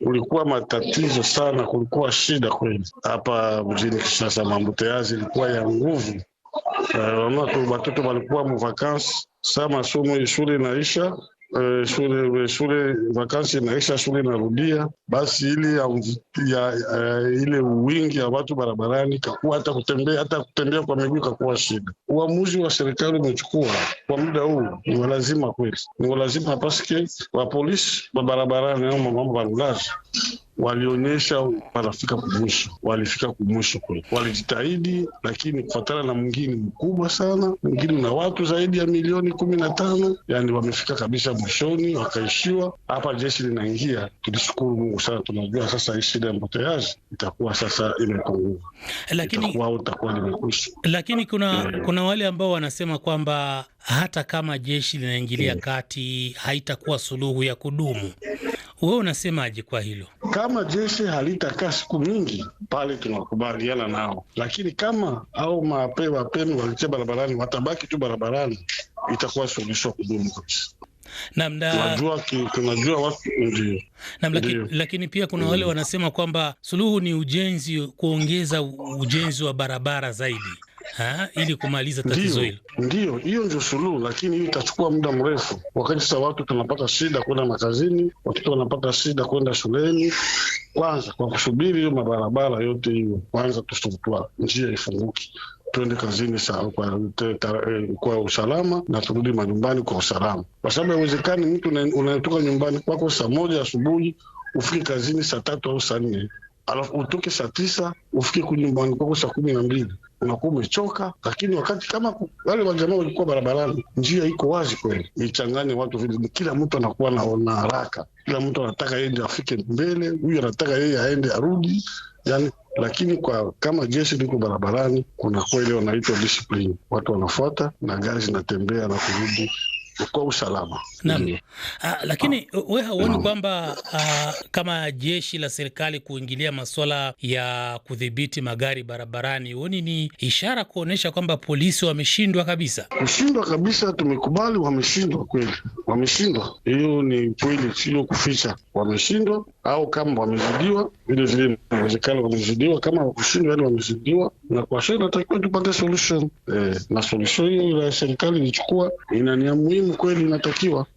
ulikuwa matatizo sana, kulikuwa shida kweli hapa mjini Kinshasa. Mambuteazi ilikuwa ya nguvu, eh, watoto walikuwa muvakansi sa masomo shule inaisha e, shule shule vakansi inaisha, shule inarudia, basi ile ya, ya, uh, ile wingi ya watu barabarani kakuwa hata kutembea hata kutembea kwa miguu kakuwa shida. Uamuzi wa serikali umechukua kwa muda huu ni walazima kweli, ni lazima paske wapolisi wa barabarani au mamambo ulazi walionyesha wanafika kumwisho, walifika kumwisho kule, walijitahidi, lakini kufatana na mwingine mkubwa sana, mwingine na watu zaidi ya milioni kumi na tano, yani wamefika kabisa mwishoni, wakaishiwa. Hapa jeshi linaingia, tulishukuru Mungu sana, tunajua sasa hii shida ya itakuwa sasa imepungua, lakini itakuwa itakuwa limekwisha. Lakini kuna yeah, kuna wale ambao wanasema kwamba hata kama jeshi linaingilia yeah, kati haitakuwa suluhu ya kudumu. Wewe unasemaje kwa hilo? Kama jeshi halitakaa siku nyingi pale, tunakubaliana nao, lakini kama au mape wapenu walitia barabarani, watabaki tu barabarani, itakuwa suluhisho ya kudumu kabisa. Laki, lakini pia kuna wale mm. wanasema kwamba suluhu ni ujenzi, kuongeza ujenzi wa barabara zaidi ha, ili kumaliza tatizo hilo. Ndio, hiyo ndio suluhu, lakini hiyo itachukua muda mrefu, wakati sasa watu tunapata shida kwenda makazini, watoto wanapata shida kwenda shuleni. Kwanza kwa kusubiri hiyo mabarabara yote hiyo, kwanza tusutwa njia ifunguki tuende kazini kwa, te, e, kwa usalama na turudi manyumbani kwa usalama, kwa sababu haiwezekani mtu unatoka nyumbani kwako saa moja asubuhi ufike kazini saa tatu au saa nne alafu utoke saa tisa ufike kunyumbani kwako saa kumi na mbili unakuwa umechoka, lakini wakati kama wale wajamaa walikuwa barabarani, njia iko wazi kweli, ichanganye watu vile, kila mtu anakuwa naona haraka, kila mtu anataka yende afike mbele, huyu anataka yeye aende arudi, yani lakini kwa kama jeshi liko barabarani, kuna kweli wanaitwa discipline, watu wanafuata na gari zinatembea na kurudi kwa usalama naam. Ah, lakini wewe ah. hauoni kwamba ah, kama jeshi la serikali kuingilia masuala ya kudhibiti magari barabarani, huoni ni ishara kuonyesha kwamba polisi wameshindwa kabisa? Kushindwa kabisa, tumekubali wameshindwa, kweli wameshindwa, hiyo ni kweli, sio kuficha wameshindwa, au kama wamezidiwa, vile vile inawezekana wamezidiwa. Kama wakushindwa, yani wamezidiwa, na kwa sasa inatakiwa tupate solution eh, na solution hiyo ya serikali ilichukua inania muhimu kweli, inatakiwa